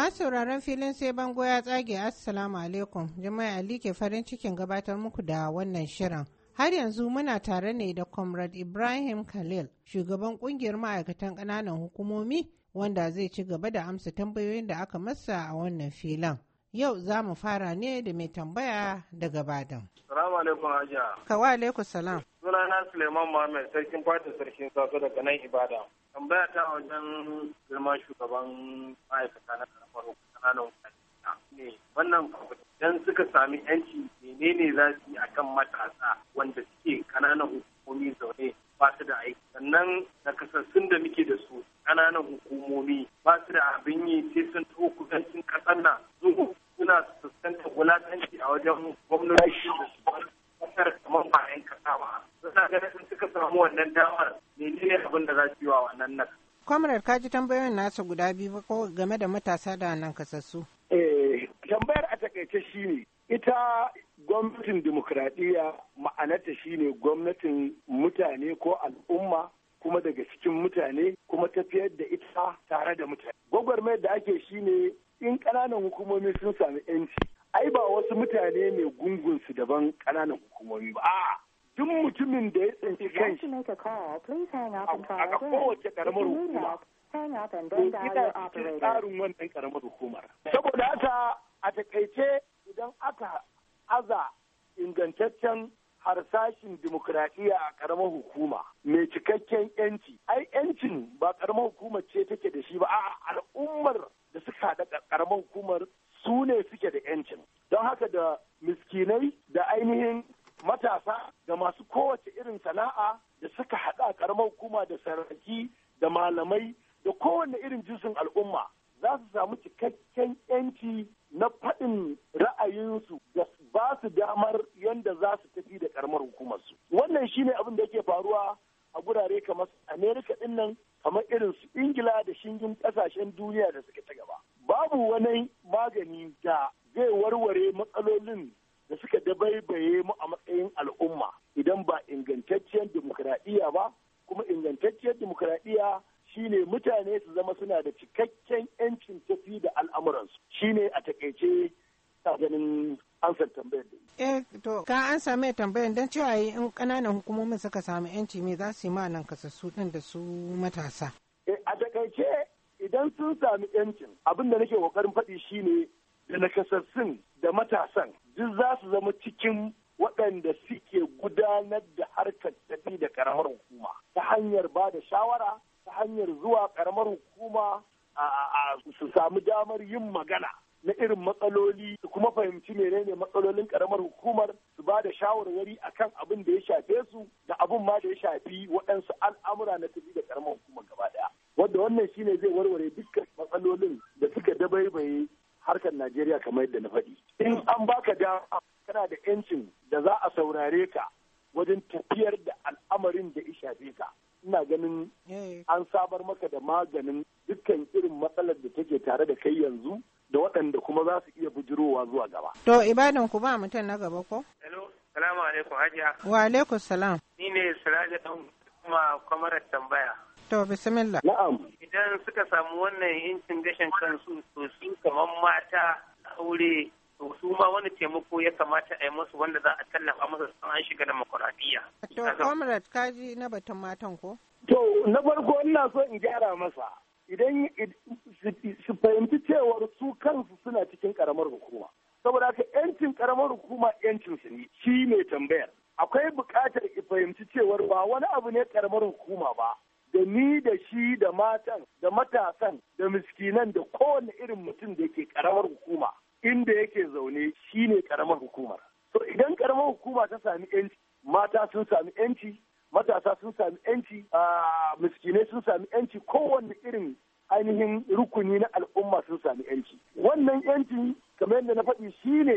Masu sauraron filin sai bango ya tsage Assalamu alaikum. Jama'a Ali ke farin cikin gabatar muku da wannan shirin. Har yanzu muna tare ne da Comrade Ibrahim Khalil, shugaban kungiyar ma'aikatan kananan hukumomi wanda zai ci gaba da amsa tambayoyin da aka masa a wannan filin. Yau za mu fara ne da mai tambaya daga Badan. Salamu alaikum Hajiya. kawai alaikum salam. Sunana Suleiman Muhammad sarkin fatin sarkin sasu daga nan Ibadan. tambaya ta a wajen girman shugaban ma'aikata na karamar kananan ne wannan dan suka sami yanci menene za su yi akan matasa wanda suke kananan hukumomi zaune ba su da aiki sannan nakasassun da muke nan nan. Kwamrar ka ji tambayoyin nasa guda biyu ko game da matasa da nan kasassu. Eh, tambayar a takaice shine ita gwamnatin dimokuraɗiyya ma'anarta shine gwamnatin mutane ko al'umma kuma daga cikin mutane kuma tafiyar da ita tare da mutane. Gwagwarmayar da ake shine in ƙananan hukumomi sun sami 'yanci ai ba wasu mutane ne gungunsu daban ƙananan hukumomi ba. A'a duk mutumin da ya tsinci kai a kowace karamar hukuma ko gida cikin tsarin wannan karamar hukumar. Saboda haka a takaice idan aka aza ingantaccen harsashin dimokuraɗiyya a ƙaramar hukuma mai cikakken yanci ai yancin ba karamar hukumar ce take da shi ba a al'ummar da suka da ƙaramar hukumar su ne suke da yancin don haka da miskinai fannin sana'a da suka haɗa a ƙaramar hukuma da sarraki da malamai da kowane irin jinsin al'umma za su samu cikakken yanci na faɗin ingantacciyar demokradiyya ba kuma ingantacciyar dimokuraɗiyya shine mutane su zama suna da cikakken 'yancin tafi da al'amuransu shine a takaice ta ganin ansar tambayar da eh to ka an same tambayar don cewa in kananan hukumomin suka samu 'yanci me za su yi ma nan kasassu ɗin da su matasa eh, a takaice idan sun sami 'yancin abin da nake kokarin faɗi shine da nakasassun da matasan duk za su zama cikin waɗanda suke gudanar da harkar tafi da ƙaramar hukuma ta hanyar ba da shawara ta hanyar zuwa ƙaramar hukuma su sami damar yin magana na irin matsaloli su kuma fahimci menene matsalolin ƙaramar hukumar su ba da shawarwari akan abin da ya shafe su da abin ma da ya shafi waɗansu al'amura na tafi da ƙaramar hukumar gaba ɗaya wanda wannan shine zai warware dukkan matsalolin da suka dabaibaye harkar Najeriya kamar yadda na faɗi. In an baka dama kana da 'yancin saurare ka wajen tafiyar da al'amarin da ya shafe ka ina ganin eh. an sabar maka da maganin dukkan irin matsalar da take tare da kai yanzu da waɗanda kuma za su iya bujirowa zuwa gaba. To ibadan ku ba mutum na gaba ko? Hello, salamu alaikum hajiya. Wa alaikum salam. Ni ne Siraja ɗan kuma kwamarar tambaya. To bismillah. Na'am. Idan suka samu wannan incin gashin kansu to su kamar mata aure to su ma wani taimako ya kamata a yi musu wanda za a tallafa masa sun an shiga demokuraɗiyya. To, Comrade, kaji na batun matan ko? To, na farko ina so in gyara masa. Idan su fahimci cewar su kansu suna cikin karamar hukuma. Saboda haka 'yancin karamar hukuma 'yancin su ne, shi ne tambayar. Akwai buƙatar ki fahimci cewar ba wani abu ne karamar hukuma ba. Da ni da shi da matan da matasan da miskinan da kowane irin mutum da ke karamar hukuma. inda yake zaune shine karamar hukumar to idan karamar hukuma ta sami yanci mata sun sami yanci matasa sun sami yanci miskinai sun sami yanci kowanne irin ainihin rukuni na al'umma sun sami yanci wannan yanci kamar yadda na faɗi shine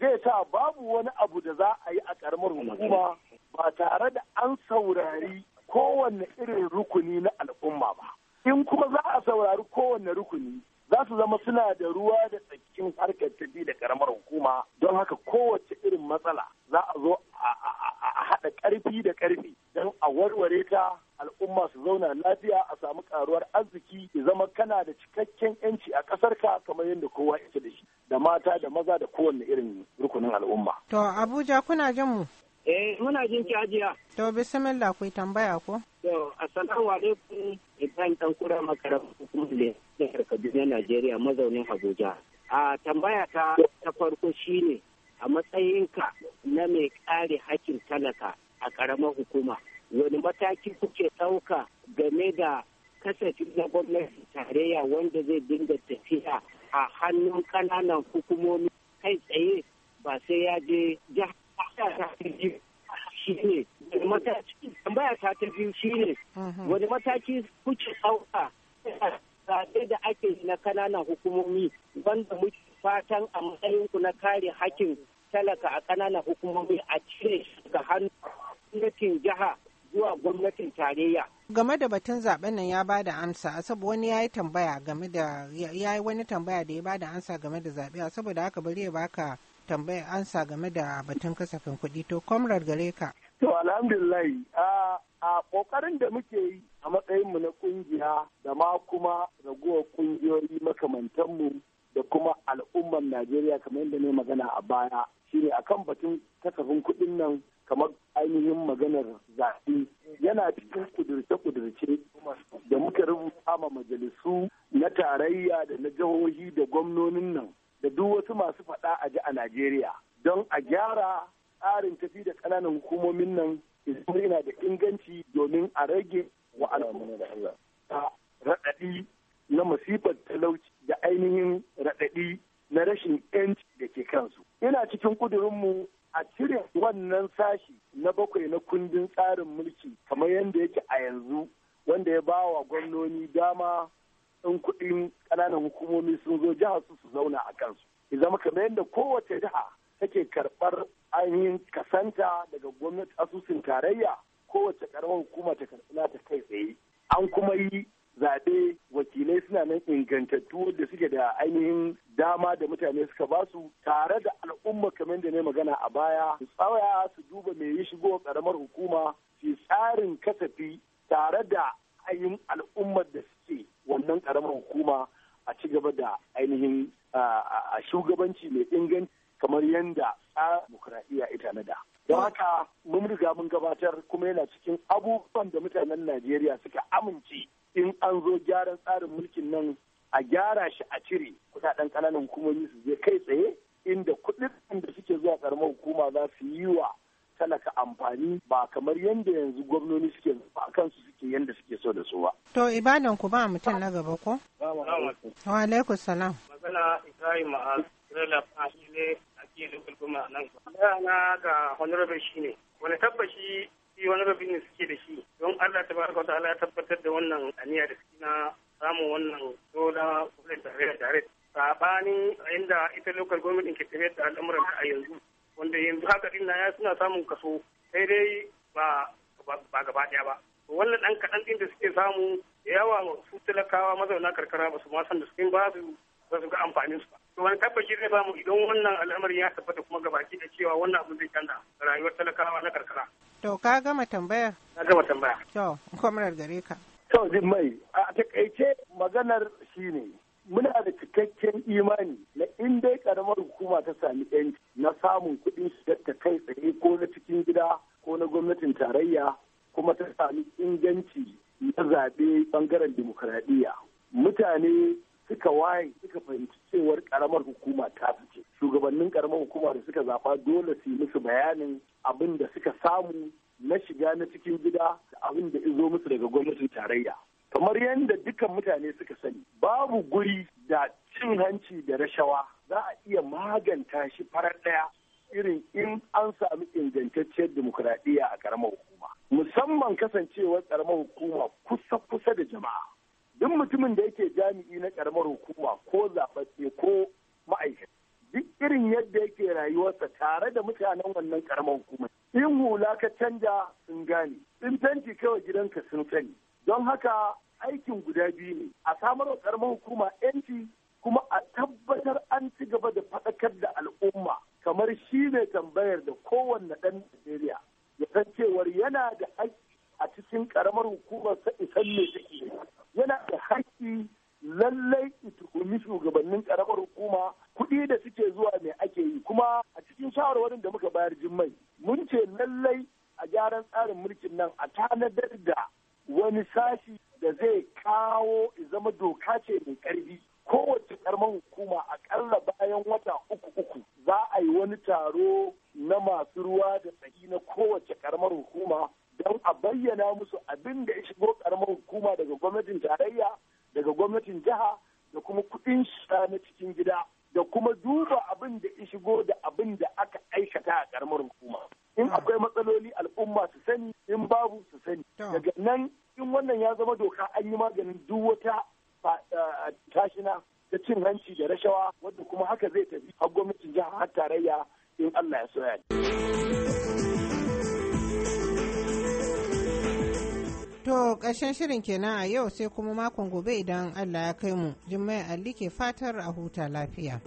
zai sa babu wani abu da za a yi a karamar hukuma ba tare da an saurari kowanne irin rukuni na al'umma ba in kuma za a saurari kowanne rukuni za su zama suna da ruwa da tsaki cikin harkar tafi da karamar hukuma don haka kowace irin matsala za a zo a haɗa ƙarfi da ƙarfi don a warware ta al'umma su zauna lafiya a samu karuwar arziki ya zama kana da cikakken yanci a kasar ka kamar yadda kowa yake da shi da mata da maza da kowanne irin rukunin al'umma. To Abuja kuna jin mu? Eh muna jin ki ajiya. To bismillah ku tambaya ko? To assalamu alaikum Ibrahim kuma makarar ne jihar Kaduna Najeriya mazaunin Abuja. a tambaya ta ta farko shine a matsayinka na mai kare hakkin talaka a ƙaramar hukuma wani mataki kuke ɗauka game da kasafin na gwamnati tarayya wanda zai dinga tafiya a hannun ƙananan hukumomi kai tsaye ba sai ya je jihar ta wani mataki tambaya ta ta biyu shine wani mataki kuke ɗauka zaɓe da ake yi na kananan hukumomi wanda muke fatan a matsayinku na kare hakkin talaka a ƙananan hukumomi a cire ga hannun gwamnatin jiha zuwa gwamnatin tarayya. Game da batun zaben nan ya ba da amsa, saboda wani ya yi tambaya game da ya yi wani tambaya da ya ba da amsa game da zaɓe, saboda haka bari ya baka tambaya amsa game da batun kasafin kuɗi to comrade gare ka. To alhamdulillah a kokarin da muke yi a mu na kungiya da ma kuma ragowar kungiyoyi mu da kuma al'ummar Najeriya kamar yadda ne magana a baya shine akan batun kasafin kuɗin nan kamar ainihin maganar zafi yana cikin kudurce-kudurce da muka rubuta ma majalisu na tarayya da na jihohi da gwamnonin nan da duk wasu masu faɗa a ji a Najeriya don a gyara tsarin tafi da ƙananan hukumomin nan yana da inganci domin a rage wa ta raɗaɗi na masifar talauci da ainihin raɗaɗi na rashin yanci da ke kansu. Ina cikin ƙudurinmu a cire wannan sashi na bakwai na kundin tsarin mulki kamar yadda yake a yanzu wanda ya ba wa gwamnoni dama in kuɗin ƙananan hukumomi sun zo jiha su su zauna a kansu. Ya zama kamar yadda kowace jiha take karɓar ainihin kasanta daga gwamnati asusun tarayya kowace karamar hukuma ta karɓi ta kai tsaye an kuma yi zaɓe wakilai suna nan ingantattu wadda suke da ainihin dama da mutane suka ba su tare da al'umma kamar da ne magana a baya su tsawaya su duba mai yi shigo karamar hukuma su tsarin kasafi tare da ainihin al'ummar da suke wannan karamar hukuma a ci gaba da ainihin shugabanci mai inganci kamar yadda a demokradiyya ita na da. Don haka mun riga mun gabatar kuma yana cikin abubuwan da mutanen Najeriya suka amince in an zo gyaran tsarin mulkin nan a gyara shi a cire kudaden kananan hukumomi su je kai tsaye inda kuɗin da suke zuwa karamar hukuma za su yi wa talaka amfani ba kamar yanda yanzu gwamnoni suke ba kansu suke yadda suke so da su ba. To ibadan ku ba mutum na gaba ko? Wa alaikum salam. Magana Ibrahim Ma'az, Rela Fahile, ke local goma nan na ga honorable shi ne wani tabbashi shi honorable ne suke da shi don allah ta baraka ta'ala ya tabbatar da wannan aniya da suke na samun wannan dola kuma tare da tare sabanin inda ita local government ke tafiyar da al'amuran a yanzu wanda yanzu haka ɗin na ya suna samun kaso sai dai ba ba gaba ɗaya ba wannan dan kaɗan din da suke samu da yawa su talakawa mazauna karkara ba su ma san da su ba su ga amfanin su ba to wani tabbaci zai bamu idan wannan al'amarin ya tabbata kuma gabaki da cewa wannan abin zai canza rayuwar talakawa na karkara. To ka gama tambaya? Na gama tambaya. To, kwamrar gare ka. To, zin mai, a takaice maganar shi ne. Muna da cikakken imani na in dai karamar hukuma ta sami yanci na samun kuɗin shigar ta kai tsaye ko na cikin gida ko na gwamnatin tarayya kuma ta sami inganci na zaɓe ɓangaren dimokuraɗiyya. Mutane suka waye suka fahimci cewar karamar hukuma ta fice shugabannin karamar hukuma da suka zaba dole su yi musu bayanin abin da suka samu na shiga na cikin gida da abin da izo musu daga gwamnatin tarayya kamar yadda dukkan mutane suka sani babu guri da cin hanci da rashawa za a iya maganta shi farar ɗaya irin in an sami ingantacciyar dimokuraɗiyya a karamar hukuma musamman kasancewar karamar hukuma kusa-kusa da jama'a duk mutumin da yake jami'i na karamar hukuma ko zaɓaɓɓe ko ma'aikata duk irin yadda yake rayuwarsa tare da mutanen wannan karamar hukuma in hula ka canja sun gane in fenti kawai gidanka sun sani don haka aikin guda biyu ne a samar wa karamar hukuma yanci kuma a tabbatar an ci gaba da faɗakar da al'umma kamar shi ne tambayar da kowanne ɗan Najeriya ya san cewar yana da a cikin karamar hukumar sa isan ne take yana da haƙƙi lallai tuhumi shugabannin karamar hukuma kuɗi da suke zuwa mai ake yi kuma a cikin shawarwarin da muka bayar jimmai mun ce lallai a gyaran tsarin mulkin nan a tanadar da wani sashi da zai kawo zama doka ce mai ƙarfi kowace karamar hukuma aƙalla bayan wata uku uku za a yi wani taro na masu ruwa da tsaki na kowace karamar hukuma don a bayyana musu abin da ya shigo karamar hukuma daga gwamnatin tarayya daga gwamnatin jiha da kuma kudin shiga na cikin gida da kuma duba abin da ya shigo da abin da aka aikata a karamar hukuma in hmm. akwai matsaloli al'umma su sani in babu su sani daga nan in wannan ya zama doka an yi maganin duk wata tashina ta cin hanci da rashawa wanda kuma haka zai tafi har gwamnatin jiha har tarayya in Allah ya so ya To ƙarshen shirin kenan a yau sai kuma makon gobe idan Allah ya kai mu. Jummai alli ke fatar a huta lafiya.